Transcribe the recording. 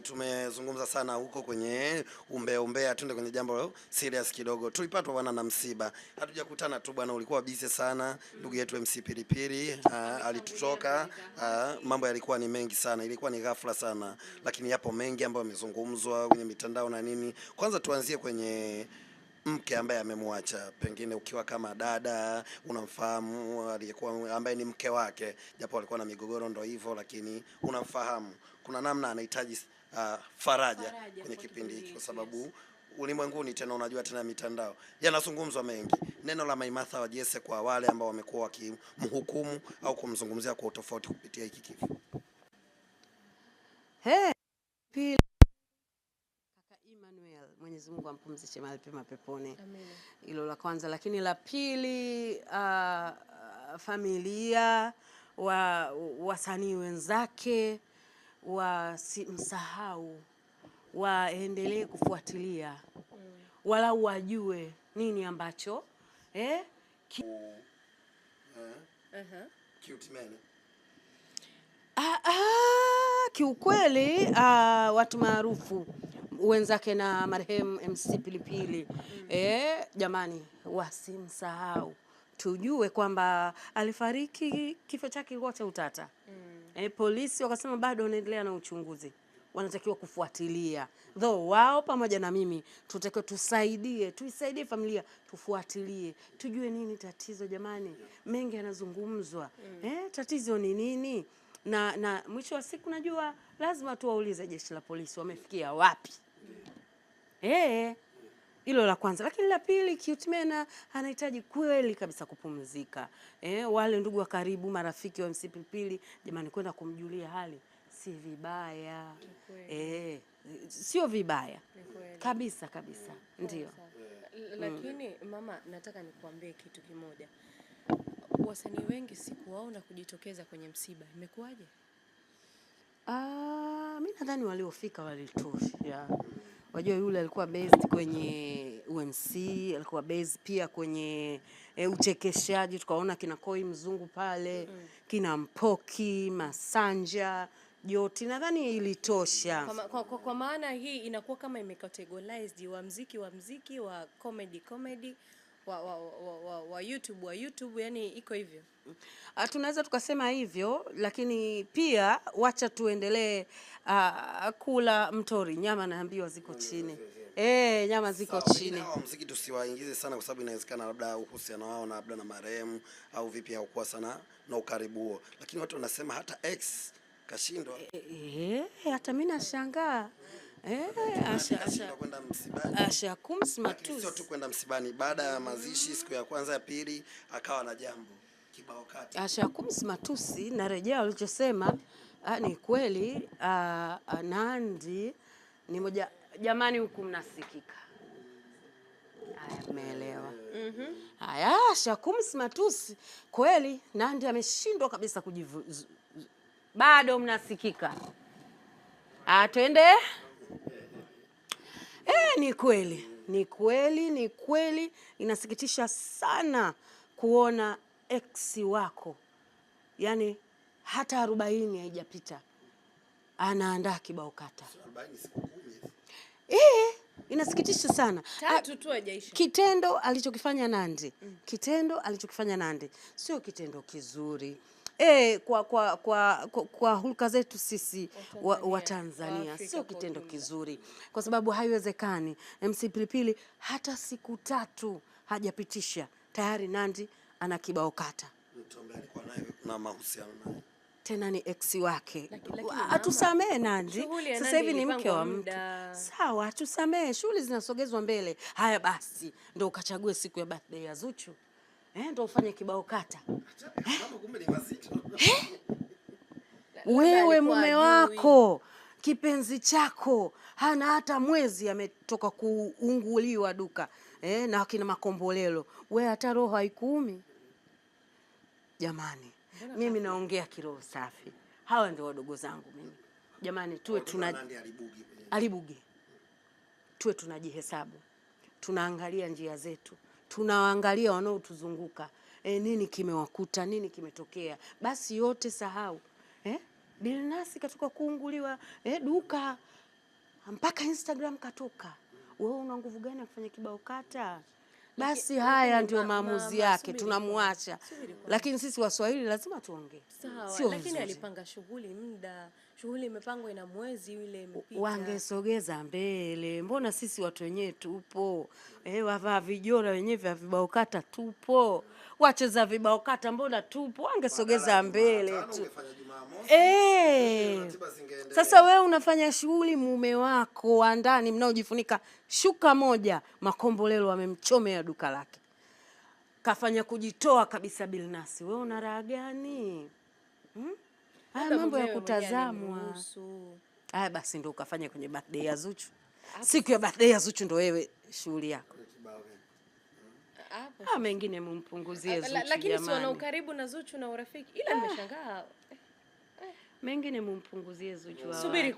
tumezungumza sana huko kwenye umbea umbea, tuende kwenye jambo serious kidogo. Tulipatwa bwana na msiba, hatujakutana tu bwana, ulikuwa busy sana ndugu yetu MC Pilipili ah, alitutoka, ah, mambo yalikuwa ni mengi sana, ilikuwa ni ghafla sana, lakini yapo mengi ambayo yamezungumzwa kwenye mitandao na nini. Kwanza tuanzie kwenye mke ambaye amemwacha, pengine ukiwa kama dada unamfahamu aliyekuwa ambaye ni mke wake, japo alikuwa na migogoro, ndo hivyo, lakini unamfahamu, kuna namna anahitaji uh, faraja, faraja kwenye kipindi hiki kwa sababu ulimwenguni tena, unajua tena mitandao yanazungumzwa mengi. Neno la Maimartha wa Jesse kwa wale ambao wamekuwa wakimhukumu au kumzungumzia kwa utofauti kupitia hiki kifo hey. Emmanuel, Mwenyezi Mungu ampumzishe mahali pema peponi. Hilo la kwanza, lakini la pili, uh, uh familia wa wasanii wenzake wasimsahau, waendelee kufuatilia walau wajue nini ambacho eh? Ki... Eh, uh-huh. Ah, ah, kiukweli ah, watu maarufu wenzake na marehemu MC Pilipili mm. Eh, jamani wasimsahau, tujue kwamba alifariki kifo chake wote utata mm. E, polisi wakasema bado wanaendelea na uchunguzi, wanatakiwa kufuatilia though wao pamoja na mimi tutakiwa tusaidie, tuisaidie familia, tufuatilie tujue nini tatizo. Jamani, mengi yanazungumzwa mm. Eh, tatizo ni nini? Na, na mwisho wa siku najua lazima tuwaulize jeshi la polisi wamefikia wapi? mm. Eh hilo la kwanza, lakini la pili, cute anahitaji kweli kabisa kupumzika. Eh, wale ndugu wa karibu, marafiki wa MC Pilipili, jamani, kwenda kumjulia hali si vibaya eh, sio vibaya kabisa kabisa, ndio. Eh. Lakini mama, nataka nikuambie kitu kimoja, wasanii wengi sikuwaona kujitokeza kwenye msiba, imekuwaje? Ah, mimi nadhani waliofika walitosha wajua yule alikuwa based kwenye UMC, alikuwa based pia kwenye e, uchekeshaji. Tukaona kina Koi Mzungu pale mm. kina Mpoki Masanja Joti, nadhani ilitosha kwa, kwa, kwa, kwa maana hii inakuwa kama imecategorized wa mziki wa mziki wa comedy comedy wa, wa, wa, wa, wa YouTube wa YouTube, yani iko hivyo, ah, tunaweza tukasema hivyo, lakini pia wacha tuendelee uh, kula mtori. Nyama naambiwa ziko chini E, nyama ziko Sao, chini. Hawa muziki tusiwaingize sana kwa sababu inawezekana labda uhusiano wao na labda na marehemu au vipi haukuwa sana na ukaribu huo, lakini watu wanasema hata ex kashindwa. E, e, hata mimi nashangaa Eh, asha sio tu kwenda msibani, baada ya mazishi siku ya kwanza ya pili akawa na jambo kibao kati. Asha Kumsi matusi narejea alichosema ah, ni kweli. Ah, ah, Nandi ni moja. Jamani, huku mnasikika? Haya, mmeelewa? Mm-hmm. Haya, Asha Kumsi matusi kweli. Nandi ameshindwa kabisa kujivu, bado mnasikika? Atwende Eh, ni kweli, ni kweli, ni kweli. Inasikitisha sana kuona ex wako, yaani hata arobaini haijapita anaandaa kibao kata. Eh, inasikitisha sana. Tatu ah, tu hajaisha. Kitendo alichokifanya Nandy, mm. kitendo alichokifanya Nandy sio kitendo kizuri e, kwa, kwa, kwa, kwa, kwa hulka zetu sisi Watanzania wa sio kitendo kizuri, kwa sababu haiwezekani. MC Pilipili hata siku tatu hajapitisha tayari Nandi ana kibao kata na mahusiano naye tena ni ex wake. Atusamee Nandi, sasa hivi ni mke wa mtu sawa. Atusamee, shughuli zinasogezwa mbele. Haya basi, ndo ukachague siku ya birthday ya Zuchu eh, ndo ufanye kibao kata eh? eh? Wewe mume wako kipenzi chako hana hata mwezi ametoka kuunguliwa duka eh, na wakina Makombolelo, we hata roho haikuumi jamani. Mimi naongea kiroho safi, hawa ndio wadogo zangu mimi jamani, tuwe tuna alibugi tuwe tunajihesabu, tunaangalia njia zetu tunawaangalia wanaotuzunguka e, nini kimewakuta, nini kimetokea, basi yote sahau eh? Dilnasi katoka kuunguliwa eh, duka mpaka Instagram katoka. Wewe una nguvu gani ya kufanya kibao kata? Basi Laki, haya ndio maamuzi yake, tunamwacha. Lakini sisi Waswahili lazima tuongee, sio? Lakini alipanga shughuli muda shughuli imepangwa ina mwezi yule mpita, wangesogeza mbele. Mbona sisi watu wenyewe tupo eh, wavaa vijora wenyewe vya vibaokata tupo, wacheza vibaokata mbona tupo, wangesogeza mbele tu eh. Sasa we unafanya shughuli, mume wako wa ndani mnaojifunika shuka moja, makombolelo wamemchomea duka lake, kafanya kujitoa kabisa bilnasi, we una raha gani hmm? haya mambo ya kutazamwa. Haya basi ndio ukafanya kwenye birthday ya Zuchu. Siku ya birthday ya Zuchu ndo wewe shughuli yako. Ah, mengine mumpunguzie ah, Zuchu. Lakini si wana ukaribu na Zuchu na urafiki. Ila nimeshangaa. Mengine mumpunguzie Zuchu. Subiri.